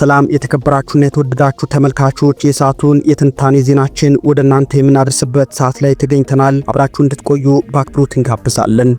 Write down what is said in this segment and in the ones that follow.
ሰላም የተከበራችሁና የተወደዳችሁ ተመልካቾች የሰዓቱን የትንታኔ ዜናችን ወደ እናንተ የምናደርስበት ሰዓት ላይ ተገኝተናል። አብራችሁ እንድትቆዩ በአክብሮት እንጋብዛለን።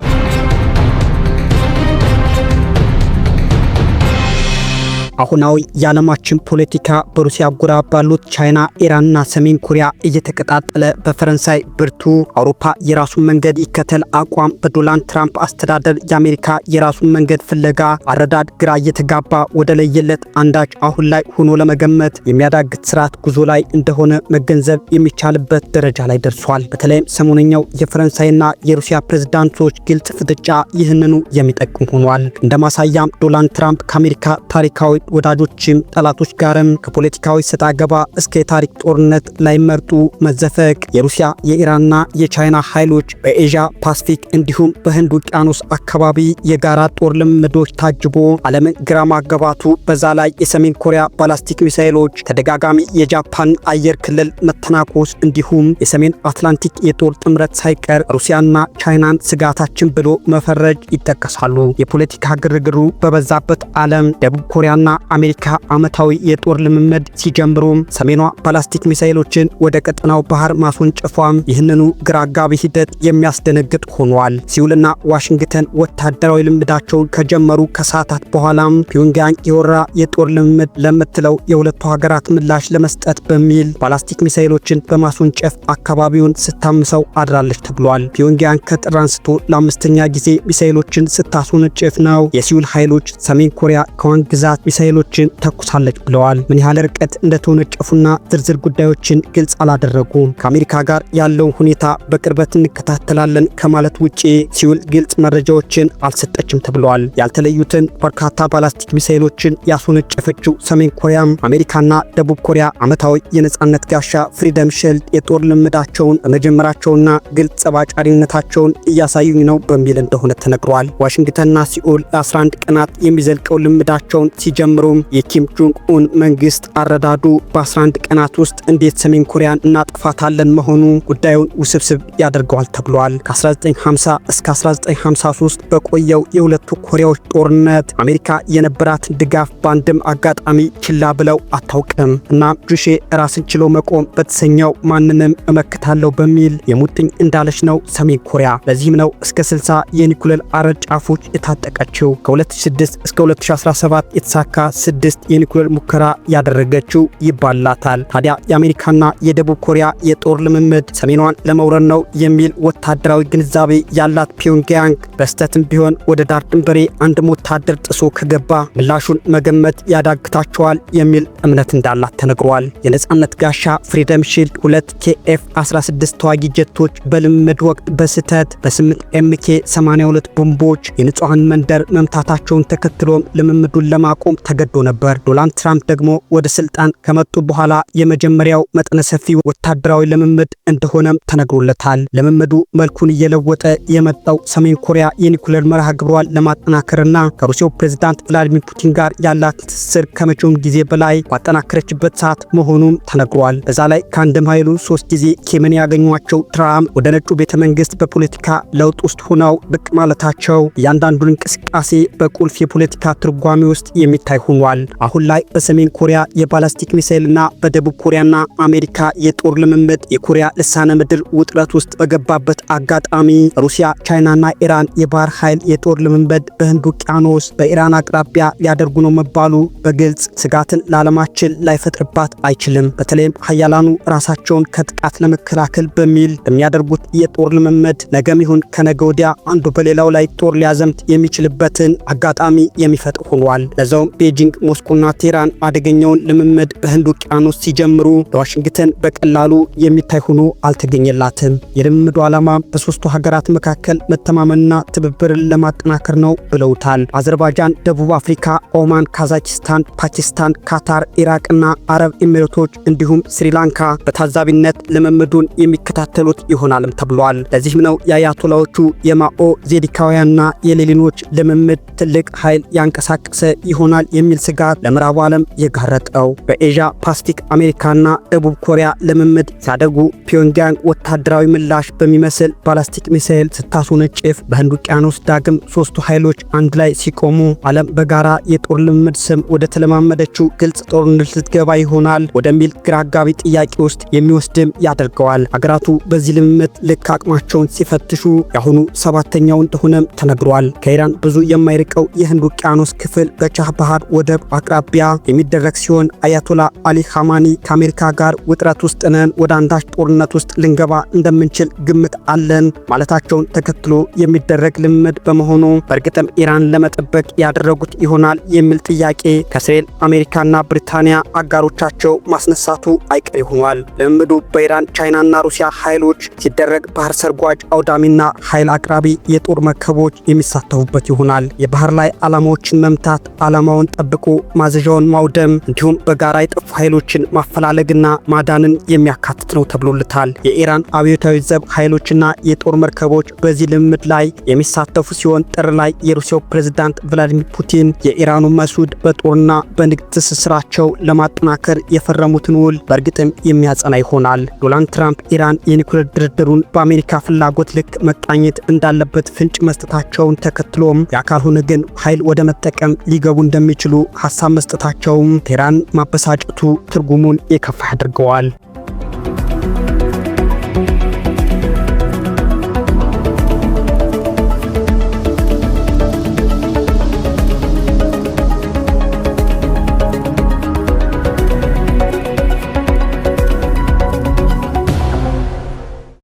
አሁናዊ የዓለማችን ፖለቲካ በሩሲያ ጎራ ባሉት ቻይና፣ ኢራንና ሰሜን ኮሪያ እየተቀጣጠለ በፈረንሳይ ብርቱ አውሮፓ የራሱን መንገድ ይከተል አቋም በዶናልድ ትራምፕ አስተዳደር የአሜሪካ የራሱን መንገድ ፍለጋ አረዳድ ግራ እየተጋባ ወደ ለየለት አንዳች አሁን ላይ ሆኖ ለመገመት የሚያዳግት ስርዓት ጉዞ ላይ እንደሆነ መገንዘብ የሚቻልበት ደረጃ ላይ ደርሷል። በተለይም ሰሞነኛው የፈረንሳይና የሩሲያ ፕሬዝዳንቶች ግልጽ ፍጥጫ ይህንኑ የሚጠቅም ሆኗል። እንደ ማሳያም ዶናልድ ትራምፕ ከአሜሪካ ታሪካዊ ወዳጆችም ጠላቶች ጋርም ከፖለቲካዊ ሰጣ ገባ እስከ የታሪክ ጦርነት ላይመርጡ መዘፈቅ የሩሲያ የኢራንና የቻይና ኃይሎች በኤዥያ ፓስፊክ እንዲሁም በህንድ ውቅያኖስ አካባቢ የጋራ ጦር ልምምዶች ታጅቦ ዓለምን ግራ ማጋባቱ በዛ ላይ የሰሜን ኮሪያ ባላስቲክ ሚሳይሎች ተደጋጋሚ የጃፓን አየር ክልል መተናኮስ እንዲሁም የሰሜን አትላንቲክ የጦር ጥምረት ሳይቀር ሩሲያና ቻይናን ስጋታችን ብሎ መፈረጅ ይጠቀሳሉ። የፖለቲካ ግርግሩ በበዛበት ዓለም ደቡብ ኮሪያና አሜሪካ ዓመታዊ የጦር ልምምድ ሲጀምሩም ሰሜኗ ባላስቲክ ሚሳይሎችን ወደ ቀጠናው ባህር ማስወንጨፏም ይህንኑ ግራጋቢ ሂደት የሚያስደነግጥ ሆኗል። ሲውልና ዋሽንግተን ወታደራዊ ልምዳቸውን ከጀመሩ ከሰዓታት በኋላም ፒዮንግያንግ የወራ የጦር ልምምድ ለምትለው የሁለቱ ሀገራት ምላሽ ለመስጠት በሚል ባላስቲክ ሚሳይሎችን በማስወንጨፍ አካባቢውን ስታምሰው አድራለች ተብሏል። ፒዮንግያንግ ከጥር አንስቶ ለአምስተኛ ጊዜ ሚሳይሎችን ስታስወነጨፍ ነው የሲውል ኃይሎች ሰሜን ኮሪያ ከዋን ግዛት ሚሳይል ሚሳኤሎችን ተኩሳለች ብለዋል። ምን ያህል ርቀት እንደተወነጨፉና ዝርዝር ጉዳዮችን ግልጽ አላደረጉም። ከአሜሪካ ጋር ያለው ሁኔታ በቅርበት እንከታተላለን ከማለት ውጪ ሲውል ግልጽ መረጃዎችን አልሰጠችም ተብለዋል። ያልተለዩትን በርካታ ባላስቲክ ሚሳኤሎችን ያስወነጨፈችው ሰሜን ኮሪያም አሜሪካና ደቡብ ኮሪያ ዓመታዊ የነጻነት ጋሻ ፍሪደም ሼልድ የጦር ልምዳቸውን በመጀመራቸውና ግልጽ ጸባጫሪነታቸውን እያሳዩኝ ነው በሚል እንደሆነ ተነግሯል። ዋሽንግተንና ሲኦል ለ11 ቀናት የሚዘልቀው ልምዳቸውን ሲጀምር ጀምሮም የኪም ጆንግ ኡን መንግስት አረዳዱ በ11 ቀናት ውስጥ እንዴት ሰሜን ኮሪያን እናጥፋታለን መሆኑ ጉዳዩን ውስብስብ ያደርገዋል ተብሏል። ከ1950 እስከ 1953 በቆየው የሁለቱ ኮሪያዎች ጦርነት አሜሪካ የነበራትን ድጋፍ በአንድም አጋጣሚ ችላ ብለው አታውቅም። እናም ጁሼ ራስን ችሎ መቆም በተሰኘው ማንንም እመክታለሁ በሚል የሙጥኝ እንዳለች ነው ሰሜን ኮሪያ። ለዚህም ነው እስከ 60 የኒኩለር አረር ጫፎች የታጠቀችው። ከ2006 እስከ 2017 የተሳካ ስድስት የኒኩሌር ሙከራ ያደረገችው ይባላታል። ታዲያ የአሜሪካና የደቡብ ኮሪያ የጦር ልምምድ ሰሜኗን ለመውረድ ነው የሚል ወታደራዊ ግንዛቤ ያላት ፒዮንግያንግ በስተትም ቢሆን ወደ ዳር ድንበሬ አንድም ወታደር ጥሶ ከገባ ምላሹን መገመት ያዳግታቸዋል የሚል እምነት እንዳላት ተነግሯል። የነጻነት ጋሻ ፍሪደም ሺልድ ሁለት ኬኤፍ 16 ተዋጊ ጀቶች በልምምድ ወቅት በስህተት በ8 ኤምኬ 82 ቦምቦች የንጹሐን መንደር መምታታቸውን ተከትሎም ልምምዱን ለማቆም ተገዶ ነበር። ዶናልድ ትራምፕ ደግሞ ወደ ስልጣን ከመጡ በኋላ የመጀመሪያው መጠነ ሰፊ ወታደራዊ ልምምድ እንደሆነም ተነግሮለታል። ልምምዱ መልኩን እየለወጠ የመጣው ሰሜን ኮሪያ የኒኩሌር መርሃ ግብሯን ለማጠናከርና ከሩሲያው ፕሬዝዳንት ቭላዲሚር ፑቲን ጋር ያላት ትስስር ከመቼውም ጊዜ በላይ ባጠናከረችበት ሰዓት መሆኑም ተነግሯል። በዛ ላይ ከአንድም ኃይሉ ሶስት ጊዜ ኬምን ያገኟቸው ትራምፕ ወደ ነጩ ቤተ መንግስት በፖለቲካ ለውጥ ውስጥ ሆነው ብቅ ማለታቸው እያንዳንዱን እንቅስቃሴ በቁልፍ የፖለቲካ ትርጓሜ ውስጥ የሚታይ ሆኗል። አሁን ላይ በሰሜን ኮሪያ የባላስቲክ እና በደቡብ ኮሪያና አሜሪካ የጦር ልምምድ የኮሪያ ልሳነ ምድር ውጥረት ውስጥ በገባበት አጋጣሚ ሩሲያ፣ ቻይናና ኢራን የባህር ኃይል የጦር ልምምድ በህንድ ውቅያኖስ በኢራን አቅራቢያ ሊያደርጉ ነው መባሉ በግልጽ ስጋትን ለዓለማችን ላይፈጥርባት አይችልም። በተለይም ሀያላኑ ራሳቸውን ከጥቃት ለመከላከል በሚል በሚያደርጉት የጦር ልምምድ ነገም ይሁን ከነገ ወዲያ አንዱ በሌላው ላይ ጦር ሊያዘምት የሚችልበትን አጋጣሚ የሚፈጥር ሆኗል። ለዛውም ቤጂንግ፣ ሞስኮና ቴህራን አደገኛውን ልምምድ በህንድ ውቅያኖስ ሲጀምሩ ለዋሽንግተን በቀላሉ የሚታይ ሆኖ አልተገኘላትም። የልምምዱ ዓላማ በሶስቱ ሀገራት መካከል መተማመንና ትብብርን ለማጠናከር ነው ብለውታል። አዘርባይጃን፣ ደቡብ አፍሪካ፣ ኦማን፣ ካዛኪስታን፣ ፓኪስታን፣ ካታር፣ ኢራቅና አረብ ኤሚሬቶች እንዲሁም ስሪላንካ በታዛቢነት ልምምዱን የሚከታተሉት ይሆናልም ተብሏል። ለዚህም ነው የአያቶላዎቹ የማኦ ዜዲካውያንና የሌሊኖች ልምምድ ትልቅ ኃይል ያንቀሳቀሰ ይሆናል የሚል ስጋት ለምዕራቡ ዓለም የጋረጠው። በኤዥያ ፓስቲክ፣ አሜሪካና ደቡብ ኮሪያ ልምምድ ሲያደጉ ፒዮንግያንግ ወታደራዊ ምላሽ በሚመስል ባላስቲክ ሚሳኤል ስታስወነጭፍ በህንድ ውቅያኖስ ዳግም ሶስቱ ኃይሎች አንድ ላይ ሲቆሙ ዓለም በጋራ የጦር ልምምድ ስም ወደ ተለማመደችው ግልጽ ጦርነት ልትገባ ይሆናል ወደሚል ግራጋቢ ጥያቄ ውስጥ የሚወስድም ያደርገዋል። አገራቱ በዚህ ልምምድ ልክ አቅማቸውን ሲፈትሹ የአሁኑ ሰባተኛው እንደሆነም ተነግሯል። ከኢራን ብዙ የማይርቀው የህንድ ውቅያኖስ ክፍል በቻህ ባህር ወደብ አቅራቢያ የሚደረግ ሲሆን አያቶላ አሊ ኻማኒ ከአሜሪካ ጋር ውጥረት ውስጥ ነን፣ ወደ አንዳች ጦርነት ውስጥ ልንገባ እንደምንችል ግምት አለን ማለታቸውን ተከትሎ የሚደረግ ልምድ በመሆኑ በእርግጥም ኢራን ለመጠበቅ ያደረጉት ይሆናል የሚል ጥያቄ ከእስራኤል አሜሪካና ብሪታንያ አጋሮቻቸው ማስነሳቱ አይቀሬ ይሆኗል። ልምዱ በኢራን ቻይናና ሩሲያ ኃይሎች ሲደረግ ባህር ሰርጓጅ አውዳሚና ኃይል አቅራቢ የጦር መርከቦች የሚሳተፉበት ይሆናል። የባህር ላይ ዓላማዎችን መምታት ዓላማውን ጠብቁ ማዘዣውን ማውደም እንዲሁም በጋራ የጠፉ ኃይሎችን ማፈላለግና ማዳንን የሚያካትት ነው ተብሎልታል። የኢራን አብዮታዊ ዘብ ኃይሎችና የጦር መርከቦች በዚህ ልምምድ ላይ የሚሳተፉ ሲሆን ጥር ላይ የሩሲያው ፕሬዝዳንት ቭላዲሚር ፑቲን የኢራኑ መሱድ በጦርና በንግድ ትስስራቸው ለማጠናከር የፈረሙትን ውል በእርግጥም የሚያጸና ይሆናል። ዶናልድ ትራምፕ ኢራን የኒኩሌር ድርድሩን በአሜሪካ ፍላጎት ልክ መቃኘት እንዳለበት ፍንጭ መስጠታቸውን ተከትሎም ያካልሆነ ግን ኃይል ወደ መጠቀም ሊገቡ እንደሚችሉ እንደማይችሉ ሀሳብ መስጠታቸውም ቴህራን ማበሳጨቱ ትርጉሙን የከፋ አድርገዋል።